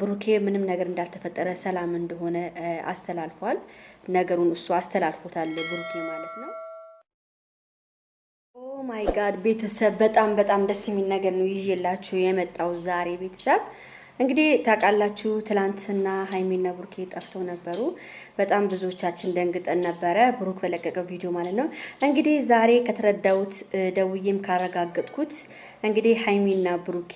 ብሩኬ ምንም ነገር እንዳልተፈጠረ ሰላም እንደሆነ አስተላልፏል። ነገሩን እሱ አስተላልፎታል ብሩኬ ማለት ነው። ኦ ማይ ጋድ ቤተሰብ በጣም በጣም ደስ የሚል ነገር ነው ይዤላችሁ የመጣው ዛሬ ቤተሰብ እንግዲህ ታውቃላችሁ፣ ትላንትና ሀይሚና ብሩኬ ጠፍተው ነበሩ። በጣም ብዙዎቻችን ደንግጠን ነበረ፣ ብሩክ በለቀቀው ቪዲዮ ማለት ነው። እንግዲህ ዛሬ ከተረዳሁት ደውዬም ካረጋገጥኩት እንግዲህ ሀይሚና ብሩኬ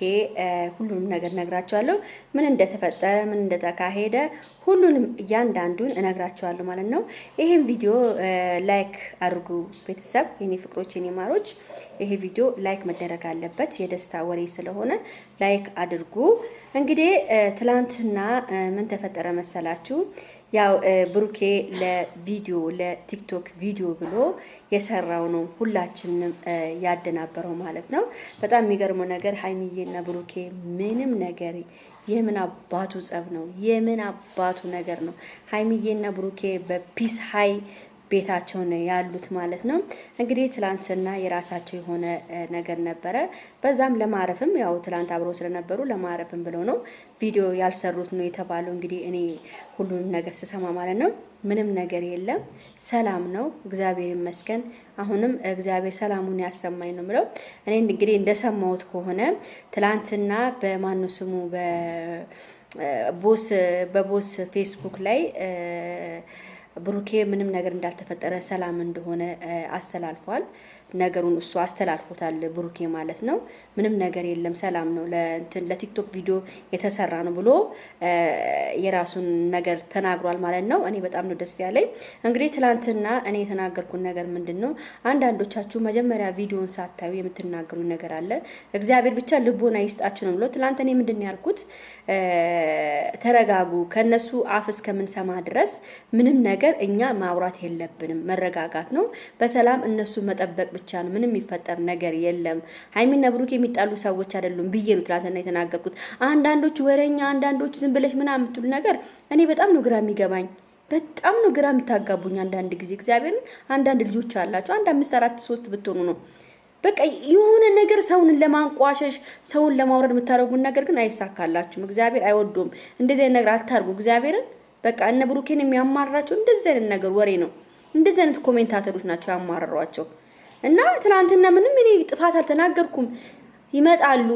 ሁሉንም ነገር እነግራቸዋለሁ። ምን እንደተፈጠረ ምን እንደተካሄደ ሁሉንም እያንዳንዱን እነግራቸዋለሁ ማለት ነው። ይሄን ቪዲዮ ላይክ አድርጉ ቤተሰብ፣ የኔ ፍቅሮች፣ የኔ ማሮች። ይሄ ቪዲዮ ላይክ መደረግ አለበት፣ የደስታ ወሬ ስለሆነ ላይክ አድርጉ። እንግዲህ ትላንትና ምን ተፈጠረ መሰላችሁ? ያው ብሩኬ ለቪዲዮ ለቲክቶክ ቪዲዮ ብሎ የሰራው ነው ሁላችንም ያደናበረው ማለት ነው። በጣም የሚገርመው ነገር ሀይሚዬና ብሩኬ ምንም ነገር የምን አባቱ ጸብ ነው? የምን አባቱ ነገር ነው? ሀይሚዬና ብሩኬ በፒስ ሀይ ቤታቸው ነው ያሉት ማለት ነው። እንግዲህ ትላንትና የራሳቸው የሆነ ነገር ነበረ። በዛም ለማረፍም ያው ትላንት አብረው ስለነበሩ ለማረፍም ብለው ነው ቪዲዮ ያልሰሩት ነው የተባለው። እንግዲህ እኔ ሁሉንም ነገር ስሰማ ማለት ነው ምንም ነገር የለም፣ ሰላም ነው፣ እግዚአብሔር ይመስገን። አሁንም እግዚአብሔር ሰላሙን ያሰማኝ ነው ምለው። እኔ እንግዲህ እንደሰማሁት ከሆነ ትላንትና በማነው ስሙ በቦስ በቦስ ፌስቡክ ላይ ብሩኬ ምንም ነገር እንዳልተፈጠረ ሰላም እንደሆነ አስተላልፏል። ነገሩን እሱ አስተላልፎታል ብሩኬ ማለት ነው። ምንም ነገር የለም ሰላም ነው ለቲክቶክ ቪዲዮ የተሰራ ነው ብሎ የራሱን ነገር ተናግሯል ማለት ነው። እኔ በጣም ነው ደስ ያለኝ። እንግዲህ ትናንትና እኔ የተናገርኩት ነገር ምንድን ነው? አንዳንዶቻችሁ መጀመሪያ ቪዲዮን ሳታዩ የምትናገሩ ነገር አለ። እግዚአብሔር ብቻ ልቦና ይስጣችሁ ነው ብሎ ትላንት እኔ ምንድን ያልኩት ተረጋጉ፣ ከነሱ አፍ እስከምንሰማ ድረስ ምንም ነገር እኛ ማውራት የለብንም። መረጋጋት ነው፣ በሰላም እነሱ መጠበቅ ብቻ ነው። ምንም የሚፈጠር ነገር የለም። ሀይሚና ብሩክ የሚጣሉ ሰዎች አይደሉም ብዬ ነው ትናንትና የተናገርኩት። አንዳንዶች ወረኛ፣ አንዳንዶች ዝም ብለሽ ምናምን የምትሉ ነገር እኔ በጣም ነው ግራ የሚገባኝ። በጣም ነው ግራ የምታጋቡኝ አንዳንድ ጊዜ እግዚአብሔርን። አንዳንድ ልጆች አላቸው አንድ አምስት አራት ሶስት ብትሆኑ ነው በቃ የሆነ ነገር ሰውን ለማንቋሸሽ ሰውን ለማውረድ የምታደርጉን ነገር ግን አይሳካላችሁም። እግዚአብሔር አይወዱም። እንደዚህ አይነት ነገር አታርጉ። እግዚአብሔርን በቃ እነ ብሩኬን የሚያማርራቸው እንደዚህ አይነት ነገር ወሬ ነው። እንደዚህ አይነት ኮሜንታተሮች ናቸው ያማረሯቸው። እና ትናንትና ምንም እኔ ጥፋት አልተናገርኩም። ይመጣሉ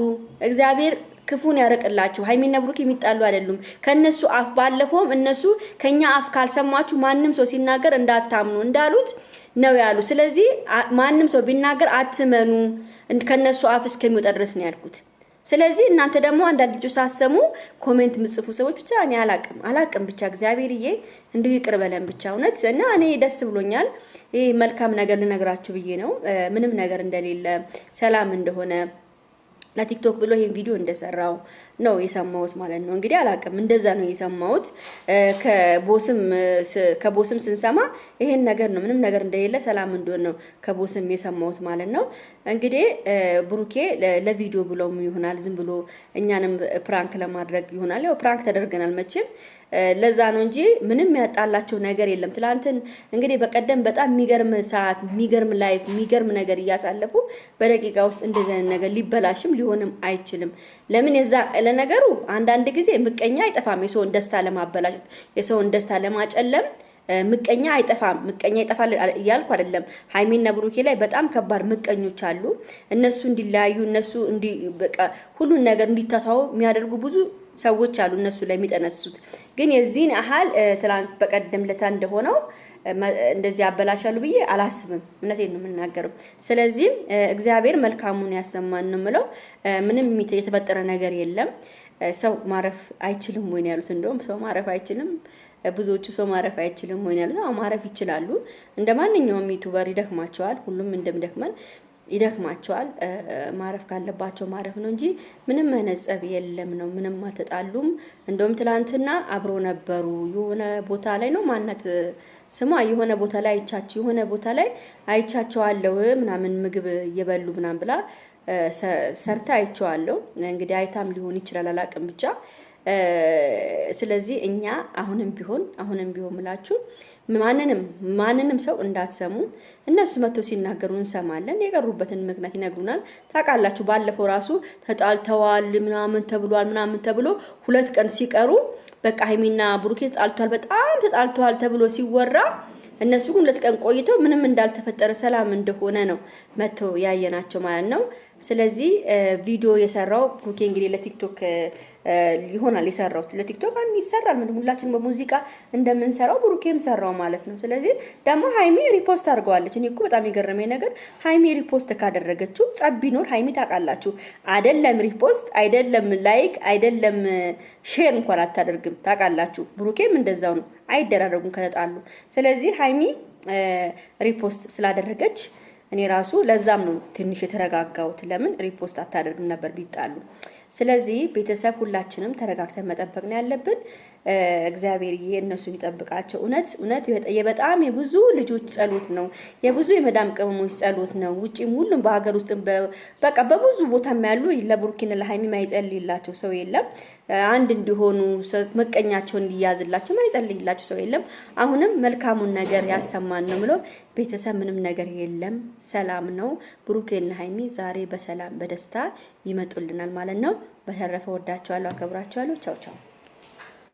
እግዚአብሔር ክፉን ያረቅላችሁ። ሀይሚና ብሩክ የሚጣሉ አይደሉም። ከነሱ አፍ ባለፈውም እነሱ ከኛ አፍ ካልሰማችሁ ማንም ሰው ሲናገር እንዳታምኑ እንዳሉት ነው ያሉ። ስለዚህ ማንም ሰው ቢናገር አትመኑ ከነሱ አፍ እስከሚወጣ ድረስ ነው ያልኩት። ስለዚህ እናንተ ደግሞ አንዳንድ ልጆች ሳሰሙ ኮሜንት ምጽፉ ሰዎች ብቻ እኔ አላቅም አላቅም ብቻ እግዚአብሔርዬ እንዲሁ ይቅር በለን ብቻ እውነት እና እኔ ደስ ብሎኛል። ይህ መልካም ነገር ልነግራችሁ ብዬ ነው ምንም ነገር እንደሌለ ሰላም እንደሆነ ለቲክቶክ ብሎ ይሄን ቪዲዮ እንደሰራው ነው የሰማሁት ማለት ነው። እንግዲህ አላውቅም፣ እንደዛ ነው የሰማሁት። ከቦስም ከቦስም ስንሰማ ይሄን ነገር ነው ምንም ነገር እንደሌለ ሰላም እንደሆነ ነው ከቦስም የሰማሁት ማለት ነው። እንግዲህ ብሩኬ ለቪዲዮ ብሎም ይሆናል ዝም ብሎ እኛንም ፕራንክ ለማድረግ ይሆናል። ያው ፕራንክ ተደርገናል መቼም ለዛ ነው እንጂ ምንም ያጣላቸው ነገር የለም። ትላንትን እንግዲህ በቀደም በጣም የሚገርም ሰዓት፣ የሚገርም ላይፍ፣ የሚገርም ነገር እያሳለፉ በደቂቃ ውስጥ እንደዚህ ነገር ሊበላሽም ሊሆንም አይችልም። ለምን የዛ ለነገሩ አንዳንድ ጊዜ ምቀኛ አይጠፋም። የሰውን ደስታ ለማበላሸት፣ የሰውን ደስታ ለማጨለም ምቀኛ አይጠፋም። ምቀኛ ይጠፋል እያልኩ አይደለም። ሀይሜና ብሩኬ ላይ በጣም ከባድ ምቀኞች አሉ። እነሱ እንዲለያዩ እነሱ ሁሉን ነገር እንዲታታው የሚያደርጉ ብዙ ሰዎች አሉ እነሱ ላይ የሚጠነስሱት። ግን የዚህን ያህል ትላንት በቀደም ለታ እንደሆነው እንደዚህ ያበላሻሉ ብዬ አላስብም። እውነቴን ነው የምናገረው። ስለዚህ እግዚአብሔር መልካሙን ያሰማን ነው የምለው። ምንም የተፈጠረ ነገር የለም። ሰው ማረፍ አይችልም ወይ ያሉት። እንደውም ሰው ማረፍ አይችልም ብዙዎቹ ሰው ማረፍ አይችልም ወይ ያሉት። ማረፍ ይችላሉ። እንደ ማንኛውም ዩቱበር ይደክማቸዋል። ሁሉም እንደሚደክመን ይደክማቸዋል። ማረፍ ካለባቸው ማረፍ ነው እንጂ ምንም መነጸብ የለም ነው። ምንም አልተጣሉም። እንደውም ትላንትና አብሮ ነበሩ። የሆነ ቦታ ላይ ነው ማናት ስሟ የሆነ ቦታ ላይ አይቻቸው የሆነ ቦታ ላይ አይቻቸዋለሁ ምናምን ምግብ እየበሉ ምናምን ብላ ሰርታ አይቸዋለሁ። እንግዲህ አይታም ሊሆን ይችላል አላቅም ብቻ ስለዚህ እኛ አሁንም ቢሆን አሁንም ቢሆን ምላችሁ ማንንም ማንንም ሰው እንዳትሰሙ። እነሱ መጥተው ሲናገሩ እንሰማለን። የቀሩበትን ምክንያት ይነግሩናል። ታውቃላችሁ፣ ባለፈው ራሱ ተጣልተዋል ምናምን ተብሏል ምናምን ተብሎ ሁለት ቀን ሲቀሩ በቃ ሀይሚና ብሩኬ ተጣልተዋል፣ በጣም ተጣልተዋል ተብሎ ሲወራ እነሱ ሁለት ቀን ቆይተው ምንም እንዳልተፈጠረ ሰላም እንደሆነ ነው መጥተው ያየናቸው ማለት ነው። ስለዚህ ቪዲዮ የሰራው ኩኬ እንግዲህ ለቲክቶክ ይሆናል የሰራው ለቲክቶክ አንድ ይሰራል። ምንድን ሁላችን በሙዚቃ እንደምንሰራው ብሩኬም ሰራው ማለት ነው። ስለዚህ ደግሞ ሀይሚ ሪፖስት አድርገዋለች። እኔ እኮ በጣም የገረመኝ ነገር ሀይሚ ሪፖስት ካደረገችው ጸብ ቢኖር ሀይሚ ታውቃላችሁ አይደለም ሪፖስት አይደለም ላይክ አይደለም ሼር እንኳን አታደርግም። ታውቃላችሁ ብሩኬም እንደዛው ነው። አይደራረጉም ከተጣሉ። ስለዚህ ሀይሚ ሪፖስት ስላደረገች እኔ ራሱ ለዛም ነው ትንሽ የተረጋጋሁት። ለምን ሪፖስት አታደርግም ነበር ቢጣሉ። ስለዚህ ቤተሰብ ሁላችንም ተረጋግተን መጠበቅ ነው ያለብን። እግዚአብሔር እነሱን ይጠብቃቸው። እውነት እውነት በጣም የብዙ ልጆች ጸሎት ነው፣ የብዙ የመዳም ቅመሞች ጸሎት ነው። ውጪም ሁሉም በሀገር ውስጥም በቃ በብዙ ቦታም ያሉ ለቡርኪና ለሀይሚ ማይጸልይላቸው ሰው የለም። አንድ እንዲሆኑ መቀኛቸውን እንዲያዝላቸው ማይጸልይላቸው ሰው የለም። አሁንም መልካሙን ነገር ያሰማን ነው ብሎ ቤተሰብ ምንም ነገር የለም፣ ሰላም ነው። ብሩኬና ሀይሚ ዛሬ በሰላም በደስታ ይመጡልናል ማለት ነው። በተረፈ ወዳቸዋለሁ፣ አከብራቸዋለሁ። ቻው ቻው